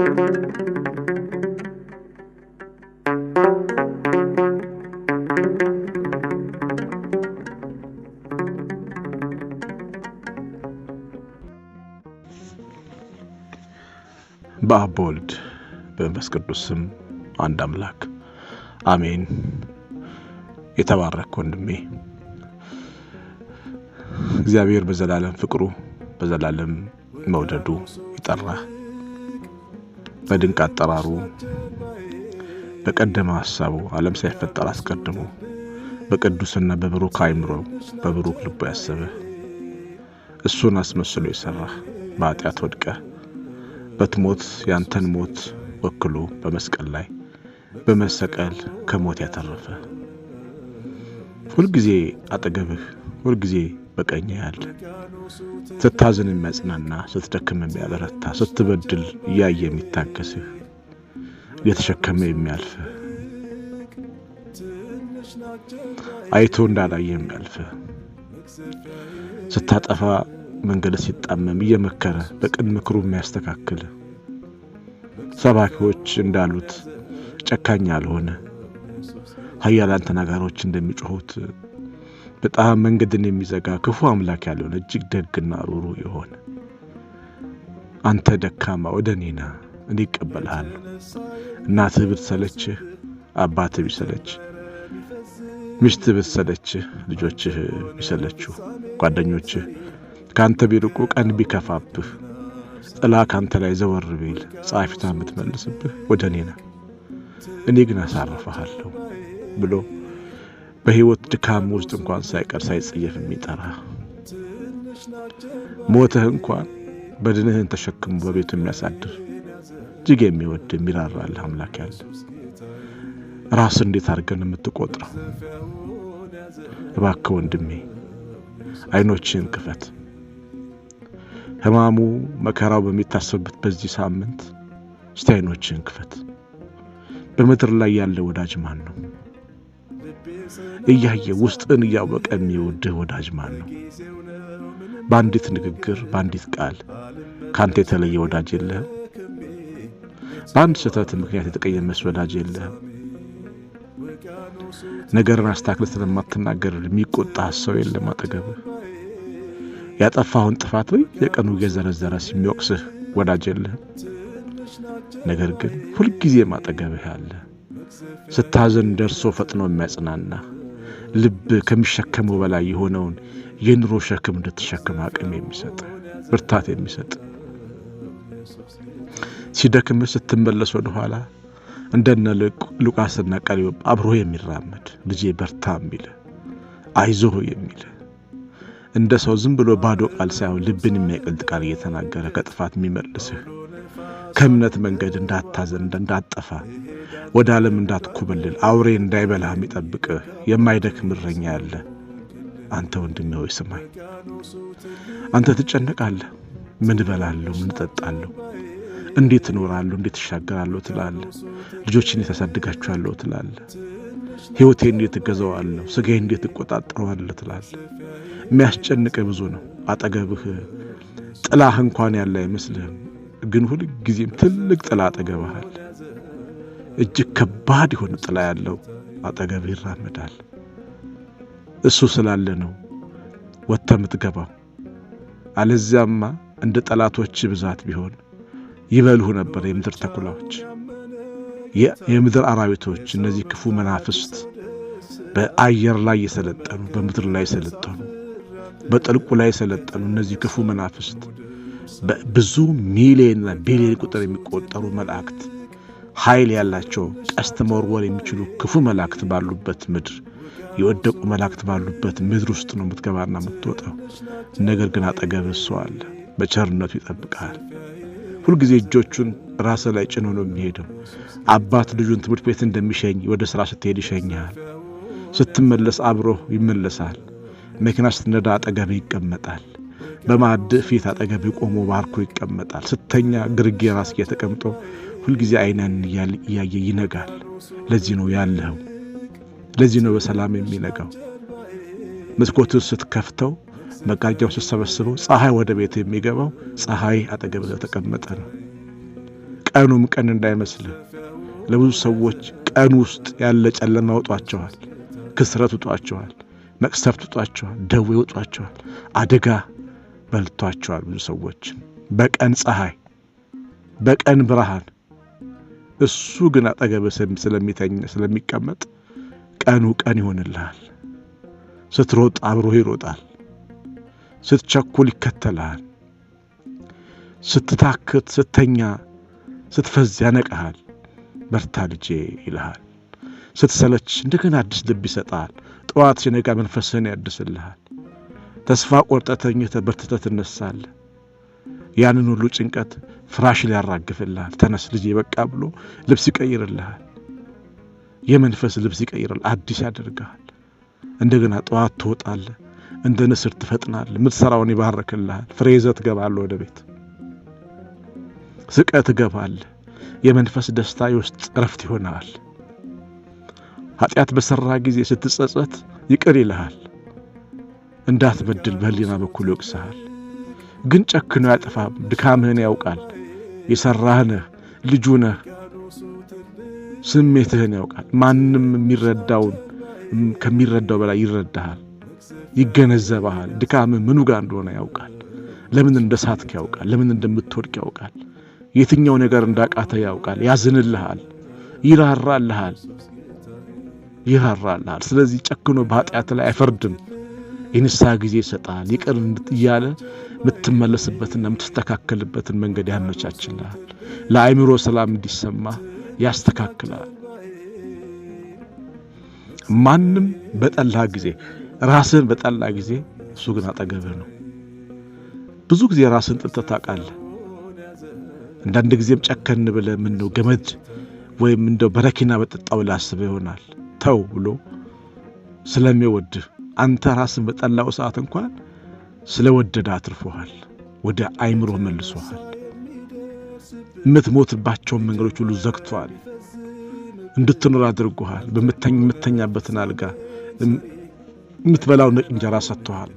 በአብ በወልድ በመንፈስ ቅዱስ ስም አንድ አምላክ አሜን። የተባረክ ወንድሜ እግዚአብሔር በዘላለም ፍቅሩ በዘላለም መውደዱ ይጠራህ። በድንቅ አጠራሩ በቀደመ ሀሳቡ ዓለም ሳይፈጠር አስቀድሞ በቅዱስና በብሩክ አይምሮ በብሩክ ልቦ ያሰበህ እሱን አስመስሎ የሰራ በኃጢአት ወድቀህ በትሞት ያንተን ሞት ወክሎ በመስቀል ላይ በመሰቀል ከሞት ያተረፈ ሁልጊዜ አጠገብህ ሁልጊዜ በቀኝ ያያል። ስታዝን የሚያጽናና፣ ስትደክም የሚያበረታ፣ ስትበድል እያየ የሚታገስህ፣ እየተሸከመ የሚያልፍህ፣ አይቶ እንዳላየ የሚያልፍህ፣ ስታጠፋ መንገድ ሲጣመም እየመከረ በቅን ምክሩ የሚያስተካክል ሰባኪዎች እንዳሉት ጨካኝ ያልሆነ ኃያላን ተናጋሪዎች እንደሚጮሁት በጣም መንገድን የሚዘጋ ክፉ አምላክ ያለውን እጅግ ደግና ሩሩ የሆነ አንተ ደካማ ወደ እኔና እኔ እቀበልሃለሁ። እናትህ ብትሰለችህ፣ አባትህ ቢሰለች፣ ሚስትህ ብትሰለችህ፣ ልጆችህ ቢሰለችሁ፣ ጓደኞችህ ከአንተ ቢርቁ፣ ቀን ቢከፋብህ፣ ጥላ ከአንተ ላይ ዘወር ቢል፣ ፀሐይ ፊቷን ብትመልስብህ፣ ወደ እኔና እኔ ግን አሳርፈሃለሁ ብሎ በሕይወት ድካም ውስጥ እንኳን ሳይቀር ሳይጸየፍ የሚጠራ ሞተህ እንኳን በድንህን ተሸክሞ በቤቱ የሚያሳድር እጅግ የሚወድ የሚራራልህ አምላክ ያለ ራስ እንዴት አድርገን የምትቆጥረው? እባክህ ወንድሜ አይኖችህን ክፈት። ሕማሙ መከራው በሚታሰብበት በዚህ ሳምንት እስቲ አይኖችህን ክፈት። በምድር ላይ ያለ ወዳጅ ማን ነው? እያየ ውስጥን እያወቀ የሚወድህ ወዳጅ ማን ነው? በአንዲት ንግግር፣ በአንዲት ቃል ካንተ የተለየ ወዳጅ የለህም። በአንድ ስህተት ምክንያት የተቀየመስ ወዳጅ የለህም። ነገርን አስተካክለ ስለማትናገር የሚቆጣ ሰው የለም አጠገብህ። ያጠፋሁን ጥፋት የቀኑ እየዘረዘረስ ሲሚወቅስህ ወዳጅ የለህም። ነገር ግን ሁልጊዜም አጠገብህ አለህ። ስታዘን ደርሶ ፈጥኖ የሚያጽናና ልብ ከሚሸከመው በላይ የሆነውን የኑሮ ሸክም እንድትሸክም አቅም የሚሰጥ ብርታት የሚሰጥ ሲደክም ስትመለስ ወደ ኋላ እንደነ ሉቃስና ቀለዮጳ አብሮ የሚራመድ ልጄ በርታ የሚል አይዞህ የሚል እንደ ሰው ዝም ብሎ ባዶ ቃል ሳይሆን ልብን የሚያቀልጥ ቃል እየተናገረ ከጥፋት የሚመልስህ ከእምነት መንገድ እንዳታዘንድ እንዳትጠፋ፣ ወደ ዓለም እንዳትኮበልል፣ አውሬ እንዳይበላህም ይጠብቅህ የማይደክም እረኛ ያለ አንተ ወንድሜ ሆይ ስማኝ። አንተ ትጨነቃለህ። ምን እበላለሁ? ምን እጠጣለሁ? እንዴት እኖራለሁ? እንዴት እሻገራለሁ ትላለህ። ልጆችን ታሳድጋችኋለሁ ትላለህ። ሕይወቴ እንዴት እገዛዋለሁ? ሥጋዬ እንዴት እቆጣጠረዋለሁ ትላለህ። የሚያስጨንቅህ ብዙ ነው። አጠገብህ ጥላህ እንኳን ያለ አይመስልህም። ግን ሁልጊዜም ትልቅ ጥላ አጠገብህ አለ። እጅግ ከባድ የሆነ ጥላ ያለው አጠገብህ ይራመዳል። እሱ ስላለ ነው ወጥተህ የምትገባው። አለዚያማ እንደ ጠላቶች ብዛት ቢሆን ይበልሁ ነበር የምድር ተኩላዎች፣ የምድር አራዊቶች፣ እነዚህ ክፉ መናፍስት በአየር ላይ የሰለጠኑ፣ በምድር ላይ የሰለጠኑ፣ በጥልቁ ላይ የሰለጠኑ እነዚህ ክፉ መናፍስት በብዙ ሚሊዮንና ቢሊዮን ቁጥር የሚቆጠሩ መላእክት ኃይል ያላቸው ቀስት መወርወር የሚችሉ ክፉ መላእክት ባሉበት ምድር የወደቁ መላእክት ባሉበት ምድር ውስጥ ነው የምትገባና የምትወጣው። ነገር ግን አጠገብ እሱ አለ፣ በቸርነቱ ይጠብቃል። ሁልጊዜ እጆቹን ራስ ላይ ጭኖ ነው የሚሄደው። አባት ልጁን ትምህርት ቤት እንደሚሸኝ ወደ ሥራ ስትሄድ ይሸኛል። ስትመለስ አብሮህ ይመለሳል። መኪና ስትነዳ አጠገብህ ይቀመጣል። በማዕድ ፊት አጠገብ ቆሞ ባርኮ ይቀመጣል። ስተኛ ግርጌ ራስጌ ተቀምጦ ሁልጊዜ አይነን እያየ ይነጋል። ለዚህ ነው ያለኸው፣ ለዚህ ነው በሰላም የሚነጋው። መስኮቱ ስትከፍተው መጋረጃው ስትሰበስበው ፀሐይ ወደ ቤት የሚገባው ፀሐይ አጠገብ ተቀመጠ ነው። ቀኑም ቀን እንዳይመስልህ። ለብዙ ሰዎች ቀን ውስጥ ያለ ጨለማ ውጧቸዋል፣ ክስረት ውጧቸዋል፣ መቅሰፍት ውጧቸዋል፣ ደዌ ውጧቸዋል፣ አደጋ በልቷቸዋል ብዙ ሰዎችን በቀን ፀሐይ በቀን ብርሃን። እሱ ግን አጠገብ ስለሚቀመጥ ቀኑ ቀን ይሆንልሃል። ስትሮጥ አብሮ ይሮጣል። ስትቸኩል ይከተልሃል። ስትታክት፣ ስተኛ፣ ስትፈዝ ያነቀሃል። በርታ ልጄ ይልሃል። ስትሰለች እንደገና አዲስ ልብ ይሰጣል። ጠዋት ሲነጋ መንፈስህን ያድስልሃል። ተስፋ ቆርጠተኝ ተኝተህ በርትተህ ያንን ሁሉ ጭንቀት ፍራሽ ሊያራግፍልሃል። ተነስ ልጄ በቃ ብሎ ልብስ ይቀይርልሃል። የመንፈስ ልብስ ይቀይራል፣ አዲስ ያደርግሃል። እንደገና ጠዋት ትወጣለህ፣ እንደ ንስር ትፈጥናል የምትሰራውን ይባርክልሃል። ፍሬ ይዘህ ትገባለህ፣ ወደ ቤት ስቀት ገባል የመንፈስ ደስታ የውስጥ እረፍት ይሆናል። ኃጢአት በሠራ ጊዜ ስትጸጸት ይቅር ይልሃል። እንዳትበድል በህሊና በኩል ይወቅስሃል። ግን ጨክኖ አያጠፋም። ድካምህን ያውቃል። የሠራህነህ ልጁ ነህ። ስሜትህን ያውቃል። ማንም የሚረዳውን ከሚረዳው በላይ ይረዳሃል፣ ይገነዘባሃል። ድካምህ ምኑ ጋር እንደሆነ ያውቃል። ለምን እንደ ሳትክ ያውቃል። ለምን እንደምትወድቅ ያውቃል። የትኛው ነገር እንዳቃተ ያውቃል። ያዝንልሃል፣ ይራራልሃል፣ ይራራልሃል። ስለዚህ ጨክኖ በኃጢአት ላይ አይፈርድም። የንስሐ ጊዜ ይሰጣል። ይቅር እያለ የምትመለስበትና የምትስተካከልበትን መንገድ ያመቻችልሃል። ለአእምሮ ሰላም እንዲሰማ ያስተካክላል። ማንም በጠላ ጊዜ ራስን በጠላ ጊዜ እሱ ግን አጠገብህ ነው። ብዙ ጊዜ ራስን ጥልተህ ታውቃለህ። አንዳንድ ጊዜም ጨከን ብለህ ምን ገመድ ወይም እንደው በረኪና በጠጣው ላስበህ ይሆናል ተው ብሎ ስለሚወድህ አንተ ራስን በጠላው ሰዓት እንኳን ወደደ አትርፎሃል፣ ወደ አይምሮ መልሶሃል። የምትሞትባቸውን መንገዶች ሁሉ ዘግቷል፣ እንድትኖር አድርጎሃል። የምተኛበትን አልጋ፣ የምትበላው ነጭ እንጀራ ሰጥቶሃል።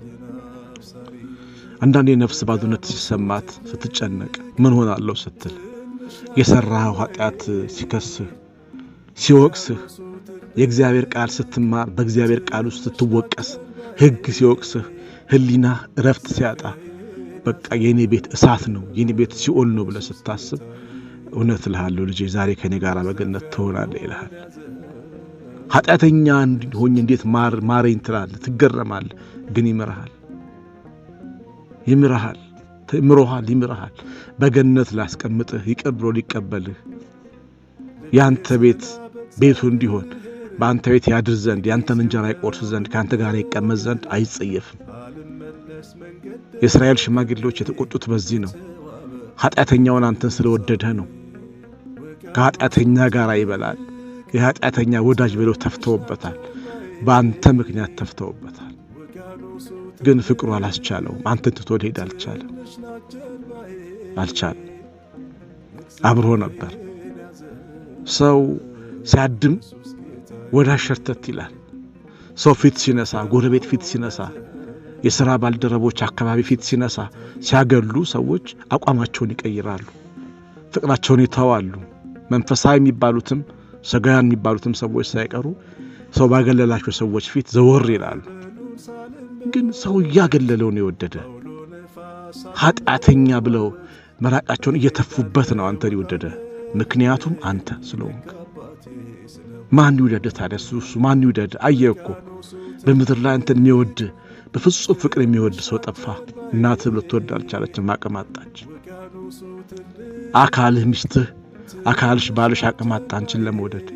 አንዳንዴ የነፍስ ባዶነት ሲሰማት ስትጨነቅ ምን ሆናለሁ ስትል የሠራኸው ኃጢአት ሲከስህ ሲወቅስህ የእግዚአብሔር ቃል ስትማር፣ በእግዚአብሔር ቃል ውስጥ ስትወቀስ፣ ሕግ ሲወቅስህ፣ ህሊና እረፍት ሲያጣ፣ በቃ የኔ ቤት እሳት ነው የኔ ቤት ሲኦል ነው ብለህ ስታስብ፣ እውነት እልሃለሁ ልጄ ዛሬ ከኔ ጋር በገነት ትሆናለህ ይልሃል። ኃጢአተኛ ሆኜ እንዴት ማረኝ ትላለህ፣ ትገረማለህ። ግን ይምርሃል፣ ይምርሃል፣ ምሮሃል፣ ይምርሃል። በገነት ላስቀምጥህ፣ ይቅር ብሎ ሊቀበልህ ያንተ ቤት ቤቱ እንዲሆን በአንተ ቤት ያድር ዘንድ ያንተን እንጀራ ይቆርስ ዘንድ ከአንተ ጋር ይቀመጥ ዘንድ አይጸየፍም። የእስራኤል ሽማግሌዎች የተቆጡት በዚህ ነው። ኃጢአተኛውን አንተን ስለወደደ ነው። ከኃጢአተኛ ጋር ይበላል። የኃጢአተኛ ወዳጅ ብለው ተፍተውበታል። በአንተ ምክንያት ተፍተውበታል። ግን ፍቅሩ አላስቻለውም። አንተን ትቶ ሊሄድ አልቻለም አልቻለም። አብሮ ነበር ሰው ሲያድም ወዳ ሸርተት ይላል። ሰው ፊት ሲነሳ፣ ጎረቤት ፊት ሲነሳ፣ የሥራ ባልደረቦች አካባቢ ፊት ሲነሳ፣ ሲያገሉ ሰዎች አቋማቸውን ይቀይራሉ፣ ፍቅራቸውን ይተዋሉ። መንፈሳዊ የሚባሉትም ሰጋያን የሚባሉትም ሰዎች ሳይቀሩ ሰው ባገለላቸው ሰዎች ፊት ዘወር ይላሉ። ግን ሰው እያገለለው ነው የወደደ ኃጢአተኛ ብለው መራቃቸውን እየተፉበት ነው አንተን የወደደ ምክንያቱም አንተ ስለሆንክ ማን ይውደድ ታዲያ? እሱ ማን ይውደድ? አየ እኮ በምድር ላይ አንተን የሚወድ በፍጹም ፍቅር የሚወድ ሰው ጠፋ። እናትህም ልትወድ አልቻለችም፣ አቅም አጣች። አካልህ ሚስትህ፣ አካልሽ ባልሽ አቅም አጣ አንችን ለመውደድ።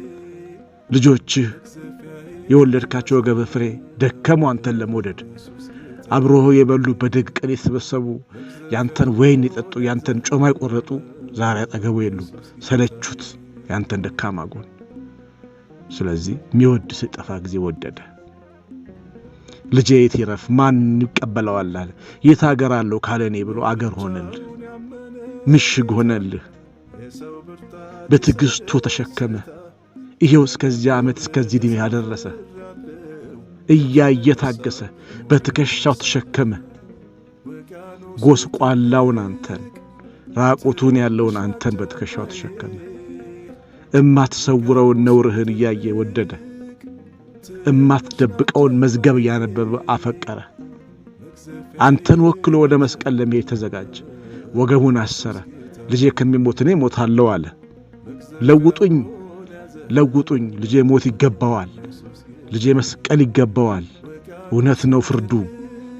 ልጆችህ የወለድካቸው ወገበ ፍሬ ደከሙ አንተን ለመውደድ። አብሮህ የበሉ በደግ ቀን የተሰበሰቡ ያንተን ወይን የጠጡ ያንተን ጮማ የቆረጡ ዛሬ አጠገቡ የሉም። ሰለቹት ያንተን ደካማ ጎን ስለዚህ የሚወድ ሲጠፋ ጊዜ ወደደ። ልጄ የት ይረፍ ማን ይቀበለዋላል? የት አገር አለው ካለኔ ብሎ አገር ሆነልህ፣ ምሽግ ሆነልህ፣ በትዕግሥቱ ተሸከመ። ይኸው እስከዚህ ዓመት እስከዚህ ዕድሜ ያደረሰ እያየ ታገሰ፣ በትከሻው ተሸከመ። ጎስቋላውን አንተን ራቁቱን ያለውን አንተን በትከሻው ተሸከመ። እማትሰውረውን ነውርህን እያየ ወደደ። እማትደብቀውን መዝገብ እያነበበ አፈቀረ። አንተን ወክሎ ወደ መስቀል ለመሄድ ተዘጋጀ። ወገቡን አሰረ። ልጄ ከሚሞት እኔ ሞታለሁ አለ። ለውጡኝ፣ ለውጡኝ፣ ልጄ ሞት ይገባዋል፣ ልጄ መስቀል ይገባዋል። እውነት ነው ፍርዱ፣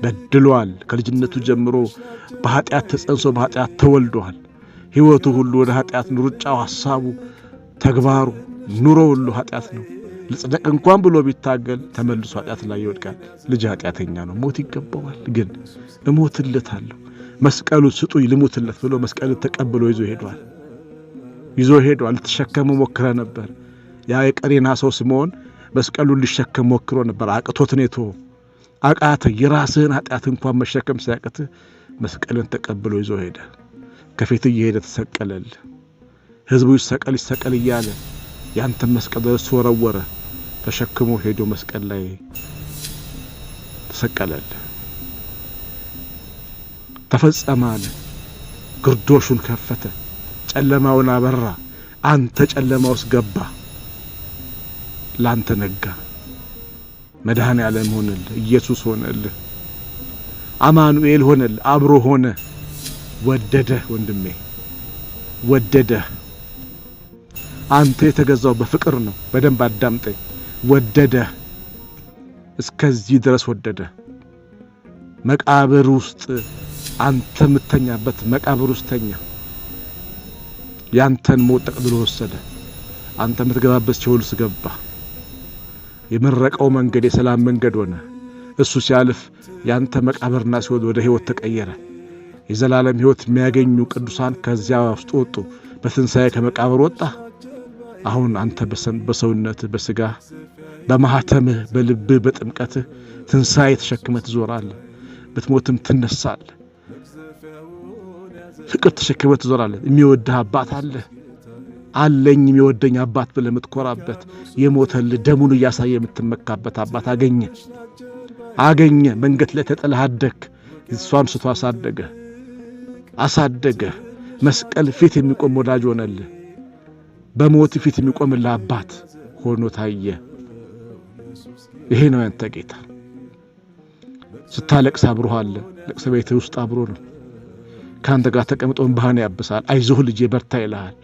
በድሏል። ከልጅነቱ ጀምሮ በኀጢአት ተጸንሶ በኀጢአት ተወልዷል። ሕይወቱ ሁሉ ወደ ኀጢአት ሩጫው፣ ሐሳቡ ተግባሩ ኑሮ ሁሉ ኃጢአት ነው። ልጽደቅ እንኳን ብሎ ቢታገል ተመልሶ ኃጢአት ላይ ይወድቃል። ልጅ ኃጢአተኛ ነው፣ ሞት ይገባዋል። ግን እሞትለታለሁ፣ መስቀሉ ስጡኝ ልሞትለት ብሎ መስቀል ተቀብሎ ይዞ ሄዷል። ይዞ ሄዷል። ልትሸከሙ ሞክረ ነበር። ያ የቀሬና ሰው ስምዖን መስቀሉን ሊሸከም ሞክሮ ነበር። አቅቶት ኔቶ አቃተ። የራስህን ኃጢአት እንኳን መሸከም ሲያቅትህ መስቀልን ተቀብሎ ይዞ ሄደ። ከፊት እየሄደ ተሰቀለል ህዝቡ ይሰቀል ይሰቀል እያለ ያንተን መስቀል እሱ ወረወረ፣ ተሸክሞ ሄዶ መስቀል ላይ ተሰቀለል። ተፈጸማል። ግርዶሹን ከፈተ፣ ጨለማውን አበራ። አንተ ጨለማ ውስጥ ገባ፣ ላንተ ነጋ። መድኃኔ ዓለም ሆነል፣ ኢየሱስ ሆነል፣ አማኑኤል ሆነል፣ አብሮ ሆነ። ወደደህ ወንድሜ፣ ወደደህ አንተ የተገዛው በፍቅር ነው። በደንብ አዳምጠኝ። ወደደ እስከዚህ ድረስ ወደደ መቃብር ውስጥ አንተ የምተኛበት መቃብር ውስጥ ተኛ። ያንተን ሞት ጠቅልሎ ወሰደ። አንተ የምትገባበት ሲኦልስ ስገባ የመረቀው መንገድ የሰላም መንገድ ሆነ። እሱ ሲያልፍ ያንተ መቃብርና ሲኦል ወደ ሕይወት ተቀየረ። የዘላለም ሕይወት የሚያገኙ ቅዱሳን ከዚያ ውስጥ ወጡ። በትንሣኤ ከመቃብር ወጣ። አሁን አንተ በሰውነት በሥጋህ በማኅተምህ በልብህ በጥምቀትህ ትንሣኤ ተሸክመህ ትዞራለህ። ብትሞትም ትነሳለህ። ፍቅር ተሸክመህ ትዞራለህ። የሚወድህ አባት አለህ አለኝ የሚወደኝ አባት ብለህ የምትኮራበት የሞተልህ ደሙን እያሳየ የምትመካበት አባት አገኘ አገኘ። መንገድ ላይ ተጥለህ አደግህ። እሷን ስቶ አሳደገ መስቀል ፊት የሚቆም ወዳጅ ሆነልህ። በሞት ፊት የሚቆምልህ አባት ሆኖ ታየ። ይሄ ነው ያንተ ጌታ። ስታለቅስ አብሮህ አለ። ለቅሶ ቤት ውስጥ አብሮ ነው ከአንተ ጋር ተቀምጦ እንባህን ያብሳል። አይዞህ ልጄ በርታ ይልሃል፣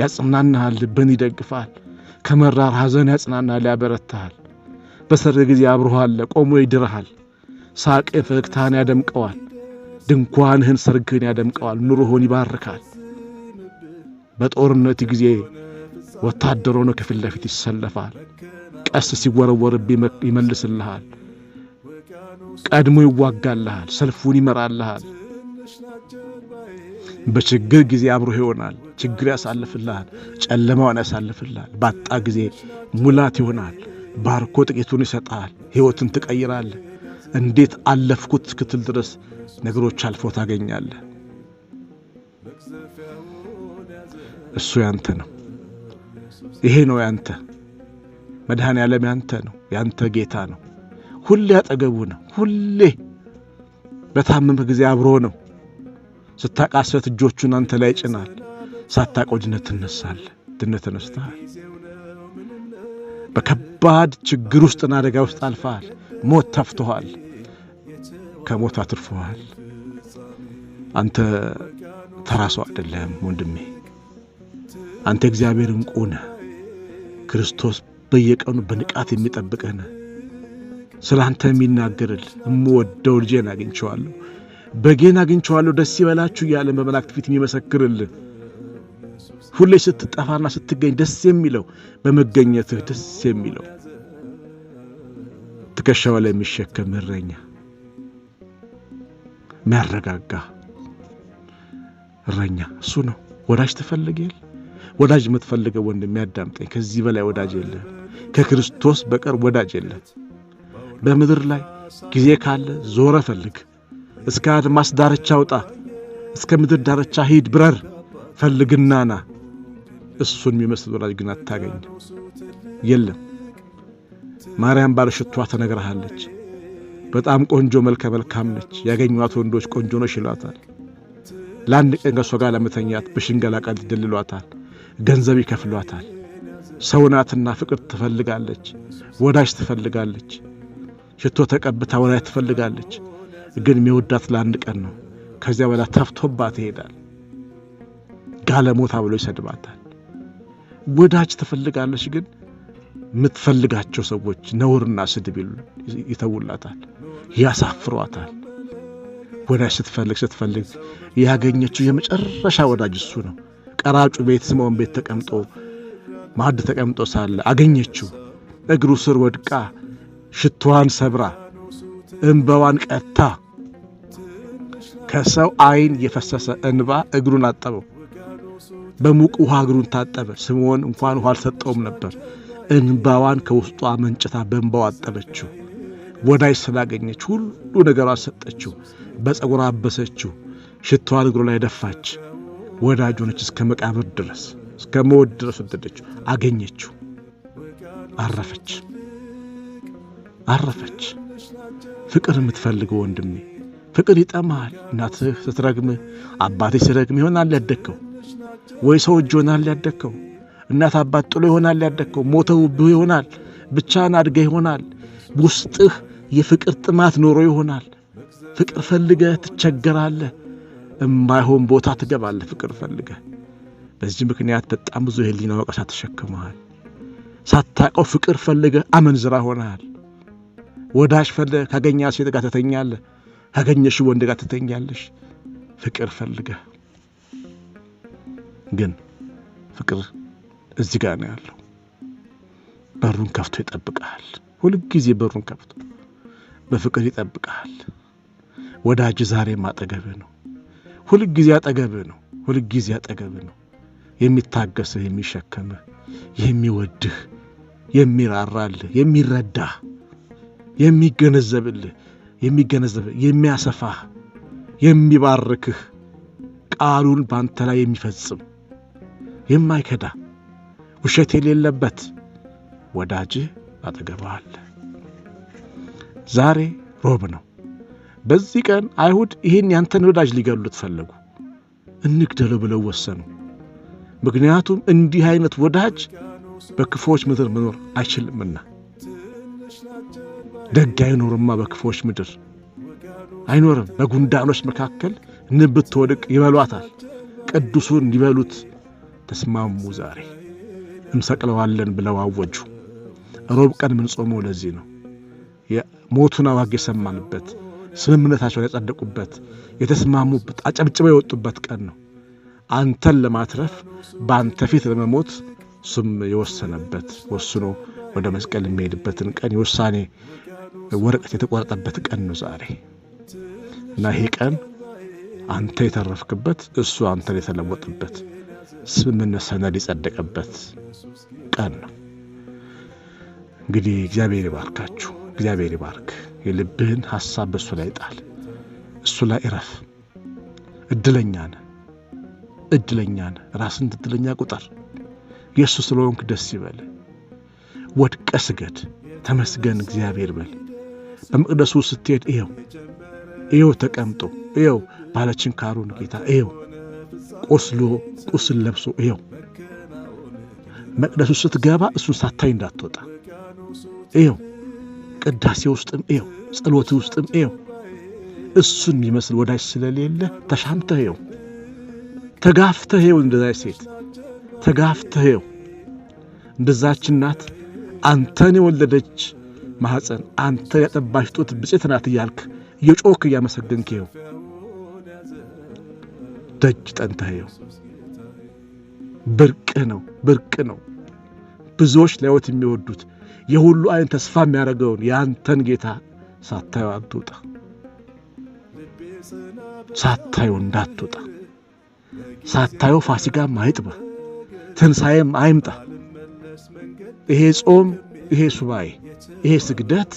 ያጽናናሃል፣ ልብን ይደግፋል። ከመራር ሐዘን ያጽናናል፣ ያበረታሃል። በሰርግ ጊዜ አብሮህ አለ። ቆሞ ይድርሃል። ሳቅ ፈገግታህን ያደምቀዋል። ድንኳንህን ሰርግህን ያደምቀዋል። ኑሮህን ይባርካል። በጦርነት ጊዜ ወታደር ሆኖ ከፊት ለፊት ይሰለፋል። ቀስ ሲወረወርብ ይመልስልሃል። ቀድሞ ይዋጋልሃል። ሰልፉን ይመራልሃል። በችግር ጊዜ አብሮ ይሆናል። ችግር ያሳልፍልሃል። ጨለማውን ያሳልፍልሃል። ባጣ ጊዜ ሙላት ይሆናል። ባርኮ ጥቂቱን ይሰጣል። ሕይወትን ትቀይራለህ። እንዴት አለፍኩት እስክትል ድረስ ነገሮች አልፎ ታገኛለህ። እሱ ያንተ ነው። ይሄ ነው ያንተ መድኃኔ ዓለም፣ ያንተ ነው ያንተ ጌታ ነው። ሁሌ አጠገቡ ነው። ሁሌ በታመመ ጊዜ አብሮ ነው። ስታቃሰት እጆቹን አንተ ላይ ይጭናል። ሳታውቀው ድነት ትነሳለህ። ድነት ተነስተሃል። በከባድ ችግር ውስጥና አደጋ ውስጥ አልፈሃል። ሞት ተፍቶሃል። ከሞት አትርፎሃል። አንተ ተራ ሰው ወንድሜ። አንተ እግዚአብሔር ዕንቁ ነህ። ክርስቶስ በየቀኑ በንቃት የሚጠብቅህ ስለ አንተ የሚናገርል የምወደው ልጄን አግኝቸዋለሁ፣ በጌን አግኝቸዋለሁ፣ ደስ ይበላችሁ እያለን በመላእክት ፊት የሚመሰክርል ሁሌ ስትጠፋና ስትገኝ ደስ የሚለው በመገኘትህ ደስ የሚለው ትከሻው ላይ የሚሸከም እረኛ የሚያረጋጋ እረኛ እሱ ነው። ወዳጅ ትፈልግ የለ ወዳጅ የምትፈልገው ወንድም ያዳምጠኝ። ከዚህ በላይ ወዳጅ የለ፣ ከክርስቶስ በቀር ወዳጅ የለ። በምድር ላይ ጊዜ ካለ ዞረ ፈልግ፣ እስከ አድማስ ዳርቻ ውጣ፣ እስከ ምድር ዳርቻ ሂድ፣ ብረር፣ ፈልግና ና። እሱን የሚመስል ወዳጅ ግን አታገኝ የለም። ማርያም ባለሽቷ ተነግረሃለች። በጣም ቆንጆ መልከ መልካም ነች፣ ያገኟት ወንዶች ቆንጆ ነች ይሏታል። ለአንድ ቀን ከእሷ ጋር ለመተኛት በሽንገላ ቃል ይደልሏታል። ገንዘብ ይከፍሏታል። ሰውናትና ፍቅር ትፈልጋለች፣ ወዳጅ ትፈልጋለች። ሽቶ ተቀብታ ወዳጅ ትፈልጋለች። ግን የሚወዳት ለአንድ ቀን ነው። ከዚያ በኋላ ተፍቶባት ይሄዳል። ጋለሞታ ብሎ ይሰድባታል። ወዳጅ ትፈልጋለች፣ ግን የምትፈልጋቸው ሰዎች ነውርና ስድብ ይተውላታል፣ ያሳፍሯታል። ወዳጅ ስትፈልግ ስትፈልግ ያገኘችው የመጨረሻ ወዳጅ እሱ ነው። ቀራጩ ቤት ስምዖን ቤት ተቀምጦ ማዕድ ተቀምጦ ሳለ አገኘችው። እግሩ ስር ወድቃ ሽቶዋን ሰብራ እንባዋን ቀታ ከሰው ዓይን የፈሰሰ እንባ እግሩን አጠበው። በሙቅ ውሃ እግሩን ታጠበ። ስምዖን እንኳን ውሃ አልሰጠውም ነበር። እንባዋን ከውስጧ መንጭታ በእንባው አጠበችው። ወዳጅ ስላገኘች ሁሉ ነገሯን ሰጠችው። በፀጉር አበሰችው። ሽቶዋን እግሩ ላይ ደፋች። ወዳጅ ሆነች እስከ መቃብር ድረስ እስከ መወድ ድረስ ወደደችው፣ አገኘችው፣ አረፈች አረፈች። ፍቅር የምትፈልገው ወንድሜ፣ ፍቅር ይጠማል እናትህ ስትረግምህ፣ አባትህ ሲረግም ይሆናል ያደግከው ወይ ሰው እጅ ይሆናል ያደግከው እናት አባት ጥሎ ይሆናል ያደግከው ሞተውብህ ይሆናል ብቻን አድገህ ይሆናል ውስጥህ የፍቅር ጥማት ኖሮ ይሆናል። ፍቅር ፈልገህ ትቸገራለህ። እማይሆን ቦታ ትገባለህ ፍቅር ፈልገህ። በዚህ ምክንያት በጣም ብዙ የህሊና ወቀሳ ተሸክመሃል። ሳታውቀው ፍቅር ፈልገህ አመንዝራ ሆነሃል። ወዳጅ ፈልገህ ካገኛ ሴት ጋር ትተኛለህ፣ ካገኘሽ ወንድ ጋር ትተኛለሽ። ፍቅር ፈልገህ ግን ፍቅር እዚህ ጋር ነው ያለው። በሩን ከፍቶ ይጠብቀሃል። ሁልጊዜ በሩን ከፍቶ በፍቅር ይጠብቀሃል። ወዳጅ ዛሬም አጠገብህ ነው። ሁልጊዜ አጠገብህ ነው፣ ሁልጊዜ አጠገብህ ነው። የሚታገስህ፣ የሚሸከምህ፣ የሚወድህ፣ የሚራራልህ፣ የሚረዳህ፣ የሚገነዘብልህ የሚገነዘብ የሚያሰፋህ፣ የሚባርክህ፣ ቃሉን ባንተ ላይ የሚፈጽም የማይከዳ ውሸት የሌለበት ወዳጅህ አጠገብህ አለ። ዛሬ ሮብ ነው። በዚህ ቀን አይሁድ ይህን ያንተን ወዳጅ ሊገሉት ፈለጉ፣ እንግደለው ብለው ወሰኑ። ምክንያቱም እንዲህ አይነት ወዳጅ በክፉዎች ምድር መኖር አይችልምና፣ ደግ አይኖርማ በክፉዎች ምድር አይኖርም። በጉንዳኖች መካከል ንብትወድቅ ይበሏታል። ቅዱሱን ሊበሉት ተስማሙ። ዛሬ እንሰቅለዋለን ብለው አወጁ። ሮብ ቀን ምንጾመው ለዚህ ነው፣ የሞቱን አዋጅ የሰማንበት ስምምነታቸውን ያጸደቁበት፣ የተስማሙበት፣ አጨብጭበው የወጡበት ቀን ነው። አንተን ለማትረፍ በአንተ ፊት ለመሞት ስም የወሰነበት ወስኖ ወደ መስቀል የሚሄድበትን ቀን የውሳኔ ወረቀት የተቆረጠበት ቀን ነው ዛሬ እና ይሄ ቀን አንተ የተረፍክበት፣ እሱ አንተን የተለወጥበት ስምምነት ሰነድ የጸደቀበት ቀን ነው። እንግዲህ እግዚአብሔር ይባርካችሁ። እግዚአብሔር ይባርክ። የልብህን ሐሳብ በእሱ ላይ ጣል። እሱ ላይ እረፍ። እድለኛ ነ እድለኛ ነ ራስን እድለኛ ቁጠር። የእሱ ስለሆንክ ደስ ይበል። ወድቀ ስገድ፣ ተመስገን እግዚአብሔር በል። በመቅደሱ ስትሄድ እየው፣ እየው ተቀምጦ እየው፣ ባለ ችንካሩን ጌታ እየው፣ ቆስሎ ቁስል ለብሶ እየው። መቅደሱ ስትገባ እሱን ሳታይ እንዳትወጣ እየው። ቅዳሴ ውስጥም እየው። ጸሎት ውስጥም እየው እሱን የሚመስል ወዳጅ ስለሌለ ተሻምተህ ይው ተጋፍተህ ይው እንደዛች ሴት ተጋፍተህ ይው እንደዛች እናት አንተን የወለደች ማኅፀን አንተን ያጠባሽ ጡት ብፅዕት ናት እያልክ እየጮክ እያመሰገንክ ይው ደጅ ጠንተህ ይው ብርቅ ነው ብርቅ ነው ብዙዎች ለሕይወት የሚወዱት የሁሉ አይን ተስፋ የሚያደርገውን የአንተን ጌታ ሳታዩ አትውጣ፣ ሳታዩ እንዳትወጣ። ሳታዩ ፋሲካም አይጥባ፣ ትንሣኤም አይምጣ። ይሄ ጾም፣ ይሄ ሱባኤ፣ ይሄ ስግደት፣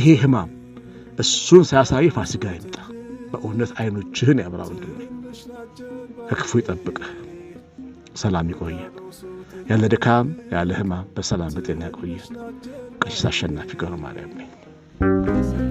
ይሄ ሕማም እሱን ሳያሳይ ፋሲካ አይምጣ። በእውነት ዐይኖችህን ያብራ ወንድሜ፣ ከክፉ ይጠብቅህ። ሰላም ይቆየን። ያለ ድካም ያለ ሕማም በሰላም በጤና ያቆየን። ቀሲስ አሸናፊ ገብረ ማርያም ነኝ። Thank you.